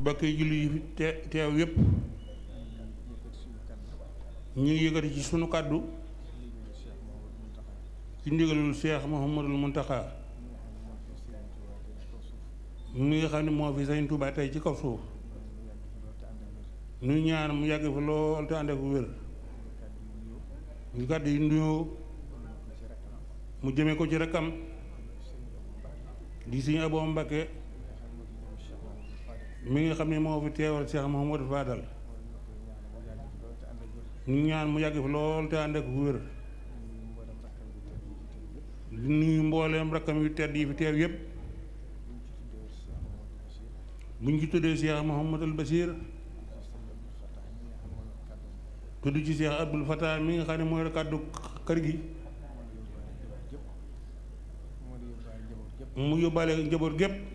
mbokki julli yi fi teew yépp ñu ngi yëkkati ci sunu kàddu ci ndigalul Cheikh Mouhamadul Mountakha mu nga xam ne moo fi Sëriñ Tuubaa tey ci kaw suuf nu ñaan mu yàgg fi lool te ànd wér ñu kàddu yi nuyoo mu jëme ko ci rakkam di Sëriñ Abo Mbakke mi ngi xam ne moo fi teewal Cheikh Mouhamadou Fadal ñu ñaan mu yàgg fi lool te ànd ak wér di nuyu mbooleem rakkam yu tedd yi fi teew yépp buñ ci tuddee Cheikh Mouhamadou Bachir tudd ci Cheikh Abdoul Fatah mi nga xam ne mooy kàddu kër gi mu yóbbaale njaboot gépp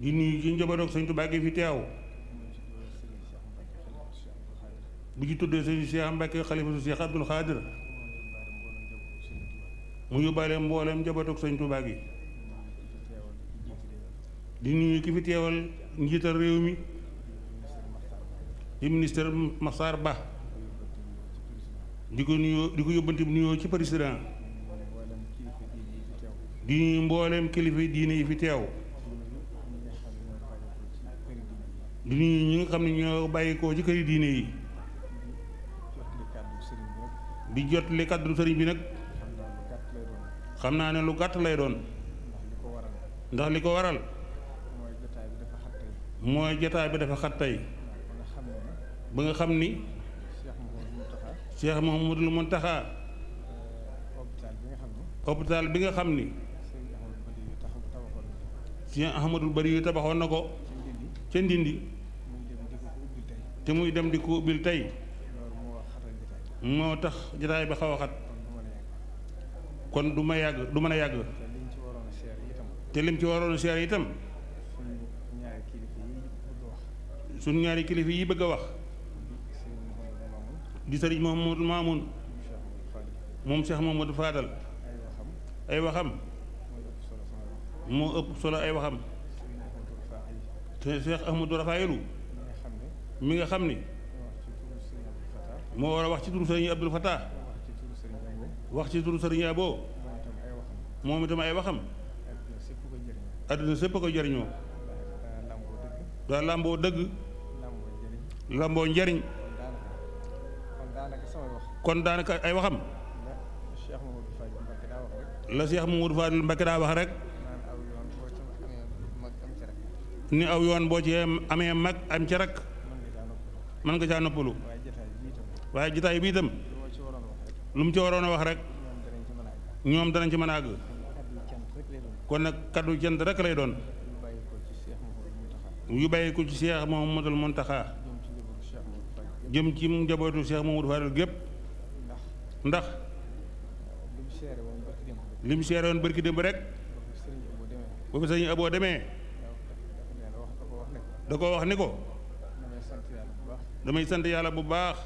di nuyu ci njaboot sëñ Tuubaa gi fi teew bu ci tuddee sëñ Cheikh Mbacke xalifa su Cheikh Abdoul Khadir mu yóbbaale mboolem njaboot sëñ Tuubaa gi di nuyu ki fi teewal njiital réew mi di ministre Massar Ba di ko nuyoo di ko yóbbante bu nuyoo ci président di nuyu mboolem kilifa diine yi fi teew di nuyu ñi nga xam ne ñoo bàyyikoo ci këri diine yi di jot li kaddu sëriñ bi nag xam naa ne lu gàtt lay doon ndax li ko waral mooy jotaay bi dafa xat tey ba xam ni Cheikh Mouhamadul Mountakha hôpital bi nga xam ni Cheikh Ahmadul Bari yu tabaxoon na ko ca Ndindi te muy dem di ko ubbil tey moo tax jataay bi xaw a xat kon du ma yàgg du mën a yàgg te lim ci waroon a seer itam suñu ñaari kilifa yi bëgg a wax di sëriñ Mouhamadou Mamoun moom Cheikh Mouhamadou Fadal ay waxam moo ëpp solo ay waxam te Cheikh Ahmadou Rafaayelu mi nga xam ni moo war a wax ci turu sëriñ Abdul Fatah wax ci turu sëriñ Abo moom itam ay waxam adduna sépp ko jëriñoo daa làmboo dëgg làmboo njëriñ kon daanaka ay waxam la Cheikh Mamadou Fadil Mbacké daa wax rek ni aw yoon boo ci amee mag am ci mën nga caa noppalu waaye jotaay bi itam lu mu ci waroon a wax rek ñoom danañ ci mën a àgg kon nag kaddu cant rek lay doon yu bàyyi ko ci Seex Muhammadul Muntaxa jëm ci njabootu Seex Muhammadul Fadal gépp ndax li mu seere woon bërki démb rek ba fi sëñ Aboo demee da ko wax ni ko damay sant yàlla bu baax.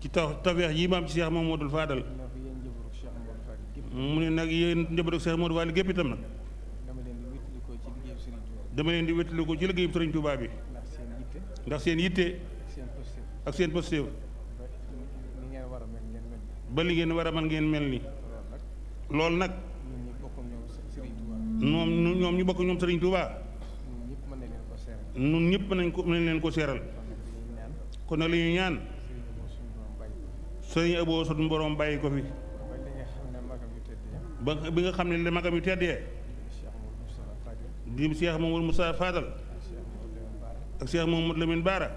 ci taw tawfeex yi ma am ci Cheikh Mamadou Fadal. mu ne nag yéen njabootu Cheikh Mamadou Fadal gépp itam nag. dama leen di wétali ko ci liggéeyub Sëriñ Touba bi. ndax seen yitte. ak seen positif. ba li ngeen war a man ngeen mel ni. loolu nag. moom ñoom ñu bokk ñoom Sëriñ Touba. nun ñëpp nañ ko nañ leen ko seeral kon nag li ñuy ñaan sëriñ Abo suñu borom bàyyi ko fi ba bi nga xam ne la magam yu teddee di Cheikh Mamadou Moussa mu ak Cheikh Mamadou Lamine Baara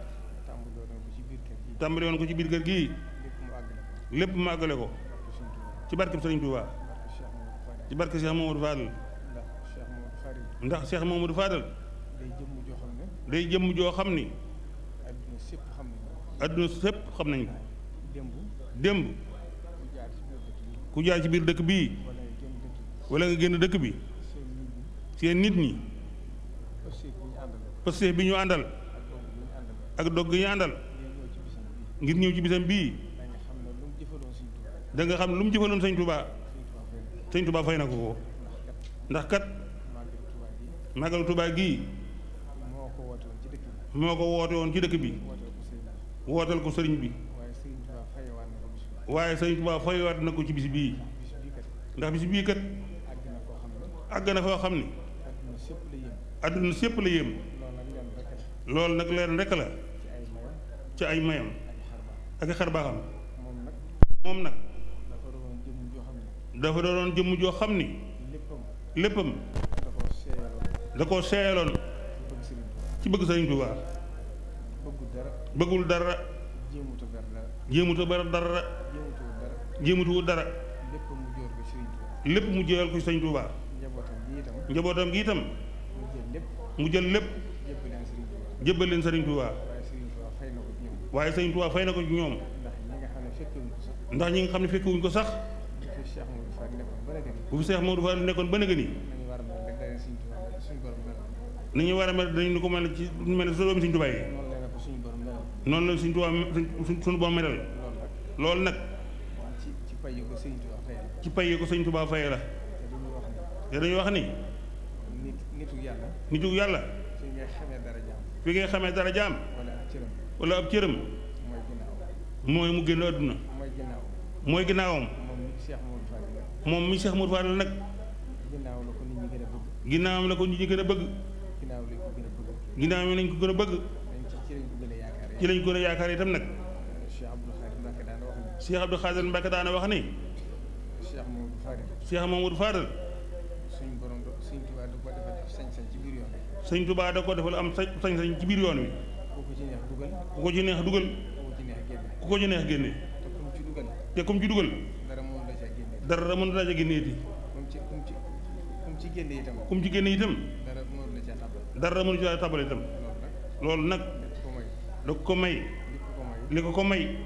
tàmbali woon ko ci biir kër gii lépp mu àggale ko ci barkeb sëriñ Touba ci barke Cheikh Mamadou Fadal ndax Cheikh Mamadou Fadal day jëmm joo xam ni. adduna sépp xam nañ ko. adduna xam nañ ko. démb. ku jaar ci biir dëkk bii. wala nga génn dëkk bi. seen nit ñi. pëstéef bi ñu àndal. ak dogg ñu àndal. ngir ñëw ci bisam bii. da nga xam lu mu jëfaloon sëñ Touba. sëñ Touba fay na ko ko. ndax kat. màggalu Touba gii. moo ko woote woon ci dëkk bi wootal ko sëriñ bi waaye sëriñ Tuubaa fayewaat na ko ci bisi bii ndax bis bii kat àgg na foo xam ne àdduna sépp la yéem loolu nag leen rekk la ci ay mayam ak i xar baaxam moom nag dafa doonoon jëmm joo xam ni léppam da koo seeyaloon ci bëgg sëriñ Tuubaa bëggul dara jéemutu ber dara jéemutu dara lépp mu jéewal ko sëriñ Tuubaa njabootam gi itam mu jël lépp jébbal leen sëriñ Tuubaa waaye sëriñ Tuubaa fay na ko ci ñoom ndax ñi nga xam ne fekk wuñ ko sax bu fi Seex Moodu Faal nekkoon ba nekk nii ni ñu war a mel dañu ko mel ci mel ne doomi Sëriñ Tuubaa yi noonu la Sëriñ Tuubaa suñu borom melal loolu nag ci pay ko Sëriñ Tuubaa fay la te dañuy wax ni nitug yàlla fi ngay xamee dara jaam wala ab cëram mooy mu génn àdduna mooy ginnaawam moom mi Cheikh Mourou Fall nag ginnaawam la ko ñu gën a bëgg. ginnaawam lañ ko gën a bëgg. ci lañ ko gën a yaakaar itam nag. Cheikh Abdou Khadir Mbacke daana wax ni. Cheikh Mamadou Fadal. Cheikh Mamadou Fadal. suñ borom suñ Tuubaa da ko defal am sañ-sañ ci biir yoon wi. suñ Tuubaa da ko defal am sañ-sañ ci biir yoon wi. ku ko ci neex dugal. ku ko ci neex dugal. ku ko ci neex génne. te kum ci dugal. te kum ci dugal. dara mënu la ca génneeti. ci génne itam. ku mu ci génne itam. dara mënu la caa tabale. dara mënu itam. loolu nag. da ko may. li ko ko may.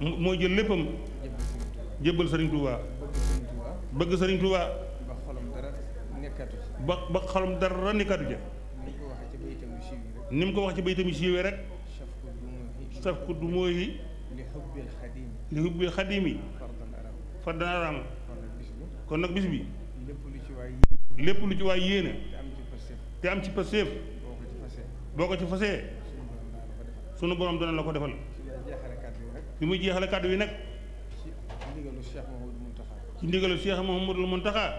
mooy jël léppam. jébbal sëriñ Touba. bëgg sëriñ Touba. ba xolom dara nekkatu ci. ba ba xolom dara nekkatu ja ni mu ko wax ci baytam yu siiwee rek. saf ku du mooy. li li xubbil xadiimi. far araam kon nag bis bi. lépp lu ci waay yéene. te am ci pasteef. boo ko ci fasee. sunu borom dana la ko defal. bi muy jeexale kàddu yi nag. ci ndigalu Cheikh Mouhamadul Mountakha.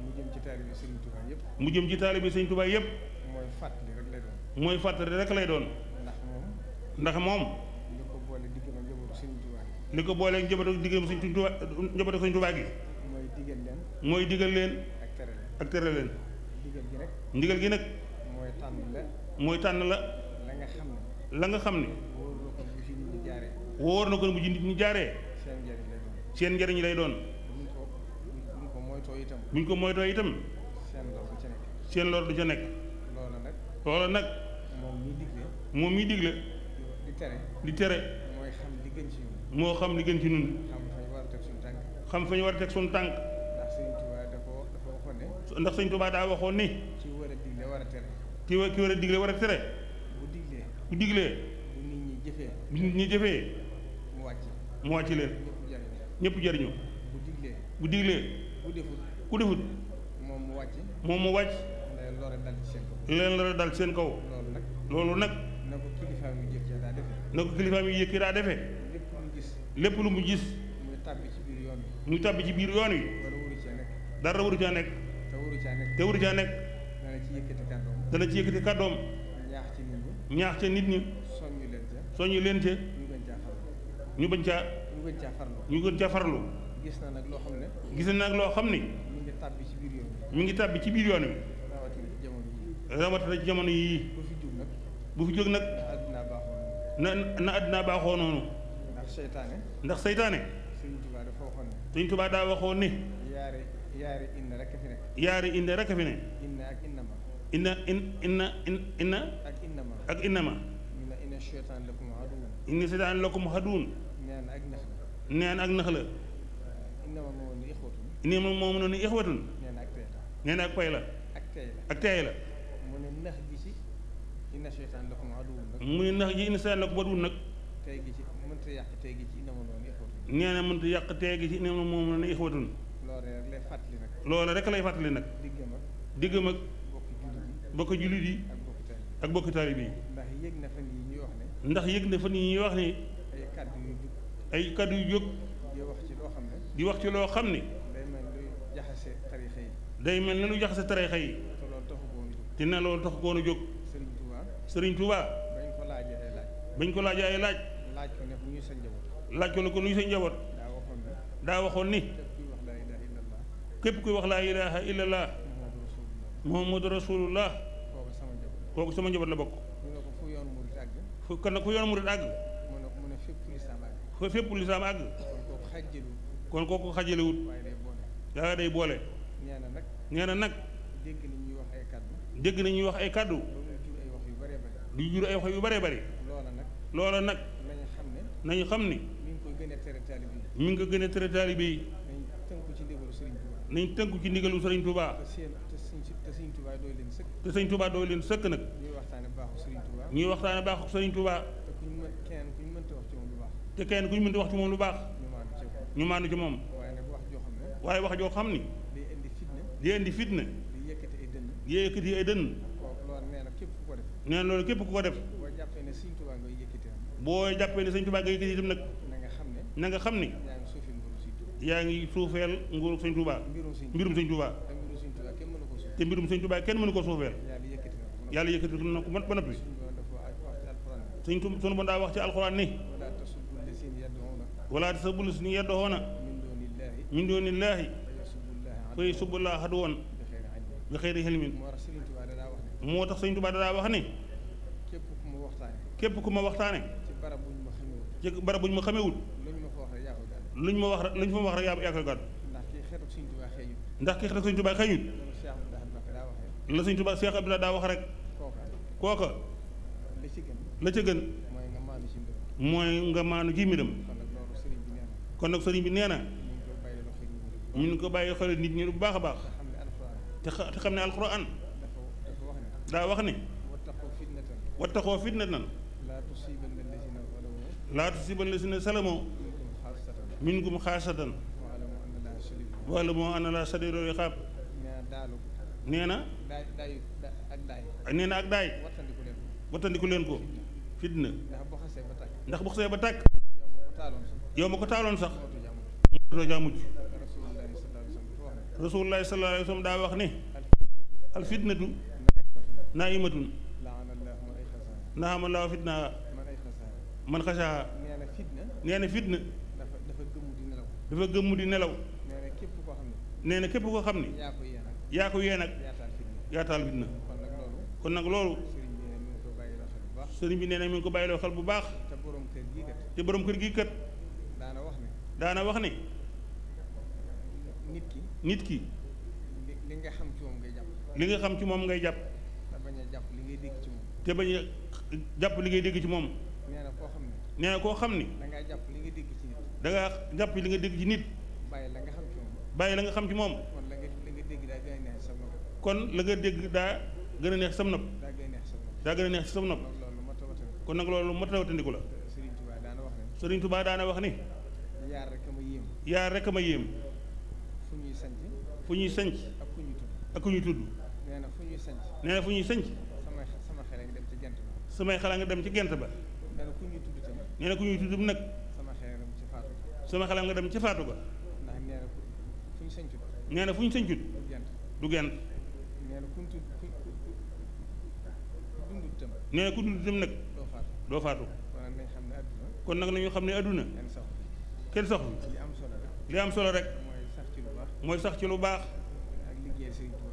mu jëm ci taalibe Sëriñ Touba yëpp. mu jëm ci taalibe Sëriñ Touba yëpp. mooy fàttali rek lay doon. mooy fàttali rek lay doon. ndax moom. ndax li ko boole diggam ak njabootu Sëriñ Touba gi. li ko boole ak njabootu diggam Sëriñ Touba njabootu Sëriñ Touba gi. mooy digal leen. ak tëral leen ndigal gi nag gi nag mooy tànn la mooy tànn la la nga xam ne la nga xam ne wóor na ko bu ci nit ñi jaaree seen njëriñ lay doon buñ ko moytoo itam buñ ko moytoo itam seen lool du ca nekk loola nag moom miy digle di tere di tere moo xam li gën ci ñun xam fa ñu war a teg suñu tànk xam fa ñu war a teg suñu tànk ndax sëñ Tuubaa daa waxoon ni. ki war a digle war a tere. ki war ki war a digle war a tere. bu diglee. bu diglee. bu nit ñi jëfee. bu nit ñi jëfee. mu wàcc. mu wàcc leen. ñëpp jëriñu. bu diglee. bu diglee. ku defut. ku moom mu wàcc. moom mu wàcc. leen lor dal seen kaw. leen lor dal ci loolu nag. loolu nag. na ko kilifaam yu yëkk daa defee. na ko kilifaam defee. lépp lu mu gis. lépp lu muy tàbbi ci biir yoon wi. muy tàbbi ci biir yoon wi. dara waru caa nekk. te wuru caa nekk. dana ci yëkkati kàddoom. ñaax nit ñi. ñaax ca nit ñi. soññu leen ca. ñu bañ caa ñu bañ caa farlu. ñu gën gis na nag loo xam ne. gis na nag loo xam ni. mi ngi tàbbi ci biir yoon wi. ngi tàbbi ci biir yoon wi. rawatina ci jamono yii. bu fi jóg nag. nag. na na àddina baaxoo noonu. ndax seytaane. ndax seytaane. Sëriñ Tuubaa dafa waxoon ne. daa waxoon ne. rek yaari inna rek a fi ne. inna ak innama. inna in inna in ak innama ak innama. inna inna neen ak nax la. neen ak nax la. innama moom ni ixwatun. innama moom noonu ixwatun. neen ak pay la. neen ak pay la. mu ne nax gi ci inna seytaan lakum aduun nag. mu nag. tey gi ci mënta yàq tey ci innama moom ni ixwatun. nee yàq tey ci innama moom noonu ixwatun. loola rek lay fàttali nag. diggam ak bokk jullit yi ak bokk taalibe yi. ndax yëg na fan yii ñuy wax ne. ndax yëg na fan yii ñuy wax ne. ay kaddu yu jóg. ay kaddu yu jóg. di wax ci loo xam ne. di wax ci loo xam ne. day mel ni lu jaxase tariixa day mel ni lu jaxase tariixa yi. te na loolu tax koon a jóg. Serigne Touba. Serigne Touba. bañ ko laajee ay laaj. ko laajee ay laaj. ko ne ko nuyu laaj ko ne ko nuyu sa njaboot. daa waxoon ni. képp kuy wax laa ilaha illallah muhammadu rasulullah kooku sama njaboot la bokk fu kan nag fu yoonu murid àgg fu fépp lislaam àgg kon kooku xajalewut daa day boole nee na nag dégg na ñuy wax ay kàddu du jur ay wax yu bëree bëri loola nag nañu xam ni mu ngi ko gën a tere taalibe yi nañ tënku ci ndigalu sëriñ Touba. te sëriñ Touba dooy leen sëkk. te sëriñ Touba dooy leen sëkk nag. ñuy waxtaane baaxu sëriñ Touba. ñuy waxtaane baaxu sëriñ Touba. te ku ñu kenn ku ñu mënta wax ci moom lu baax. te kenn ku ñu mënta wax ci moom waaye wax joo xam ne. waaye wax joo xam ni. day indi fitna. day indi fitna. di yëkkati ay dënn. ay dënn. loolu képp ku ko def. nee na loolu képp ku ko def. boo jàppee ne sëriñ Touba ngay yëkkati. boo jàppee ne sëriñ Touba nag. na nga xam ne. na nga xam ni. yaa ngi suufeel nguuru sëñ Touba mbirum sëñ Touba te mbirum sëñ Touba kenn mënu ko suufeel yàlla yëkkati na ko ba noppi sëñ Touba sunu bon daa wax ci alxuraan ni wala tasubul si ni yaddoxoona min doonillaahi fa yasubullaaha aduwwan bi xeyri xilmin moo tax sëñ Touba danaa wax ni képp ku ma waxtaane ci barab bu ñu ma xamewut luñ ma wax luñ fa ma wax rek yaa yaa koy gàddu ndax ki xeetu Sëñ Tuubaa xëyut la Sëñ Tuubaa Seex Abdulaay daa wax rek kooka la ca gën mooy nga maanu ci mbiram kon nag sëriñ bi nee na mu ngi ko bàyyi xel nit ñi bu baax a baax te te xam ne alxuraan daa wax ne wattaxoo fitnatan laa tusiibanna lazina salamoo minkum xaasadan waalamu anna laa sadiidul iqaab nee na nee na ak daay wattandiku leen ko fitna ndax bu xasee ba tàkk yow ma ko taaloon sax moto mujj rasulullahi sallallahu alayhi daa wax ne al fitnatu naimatun naam allahu fitna man xasaa nee fitna dafa gëmm di nelaw. nee képp koo xam ne. nee na képp koo xam ne. yaa ko yee nag. yaa ko yee nag. yaataal fitna. kon nag loolu. sëriñ bi nee na mi ngi ko bàyyiloo xel bu baax. te boroom kër gii kat. te kër gii kat. daana wax ne. wax ne. nit ki. nit ki. li nga xam ci moom ngay jàpp. li nga xam ci moom ngay jàpp. te bañ a jàpp li ngay dégg ci moom. te jàpp li ngay dégg ci moom. nee na koo xam ne. na koo xam ne. da ngaa jàpp li dégg. da nga jàpp li nga dégg ci nit. bàyyi la nga xam ci moom. bàyyi la nga xam ci moom. kon la nga dégg daa gën a neex sam nopp. kon la nga dégg daa gën a sam nopp. daa gën a neex sam nopp. daa gën a neex sam nopp. kon nag loolu mat a watandiku la. Serigne Touba daana wax ni. Serigne Touba daana wax ni. yaar rek ma yéem. yaar rek ma yéem. fu ñuy sanc. fu ñuy sanc. ak ku ñuy tudd. ak ku ñuy tudd. na fu ñuy sanc. fu ñuy sanc. samay sama xel nga ci gent samay xel nga dem ci gent ba. nee na ku ñuy tudd tamit. nee na sama xelam nga dem ca faatu ga nee na fu ñu sëñcut du gent nee na ku dund tam nag doo faatu kon nag nañu xam ne àdduna kenn sax li am solo rek mooy sax ci lu baax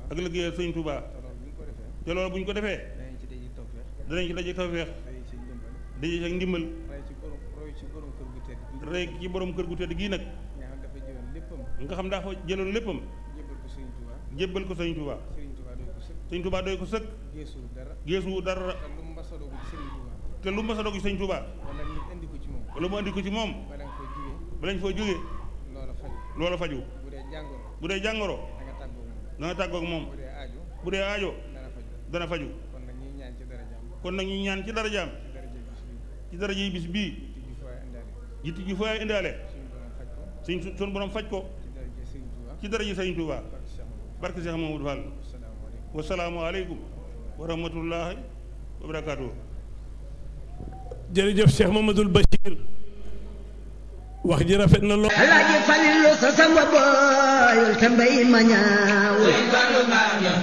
ak liggéeyal sëñ Tuubaa te loolu bu ñu ko defee danañ ci daje tawfeex daje ci ak ndimbal rëy ci borom kër gu tedd gii nag. nga xam dafa jëloon jëloon léppam. jébbal ko Sëriñ Touba. jébbal ko Sëriñ Touba. Sëriñ Touba doy ko sëkk. Sëriñ Touba doy ko sëkk. geesu dara. geesu dara. te lu mu mës a doog ci Sëriñ Touba. te lu mu mës a ci ko ci moom. wala mu indi ko foo jógee. bala nga faju. bu dee jàngoro. bu dee moom. bu dee aajo. dana faju kon nag ñuy ñaan ci darajaam ci daraja bis bii yitte ji foo indaale suñ suñ borom faj ko ci dara ji sëñ Tuuba barke Cheikh Mamadou Fall wasalaamualeykum wa rahmatullahi wa barakaatu jërëjëf Cheikh Mamadou Bachir wax ji rafet na lool alaaji falilu sa sama booyul te mbay ma ñaaw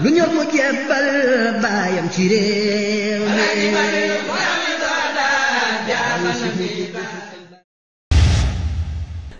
lu ñor mu jébbal baayam ci réew mi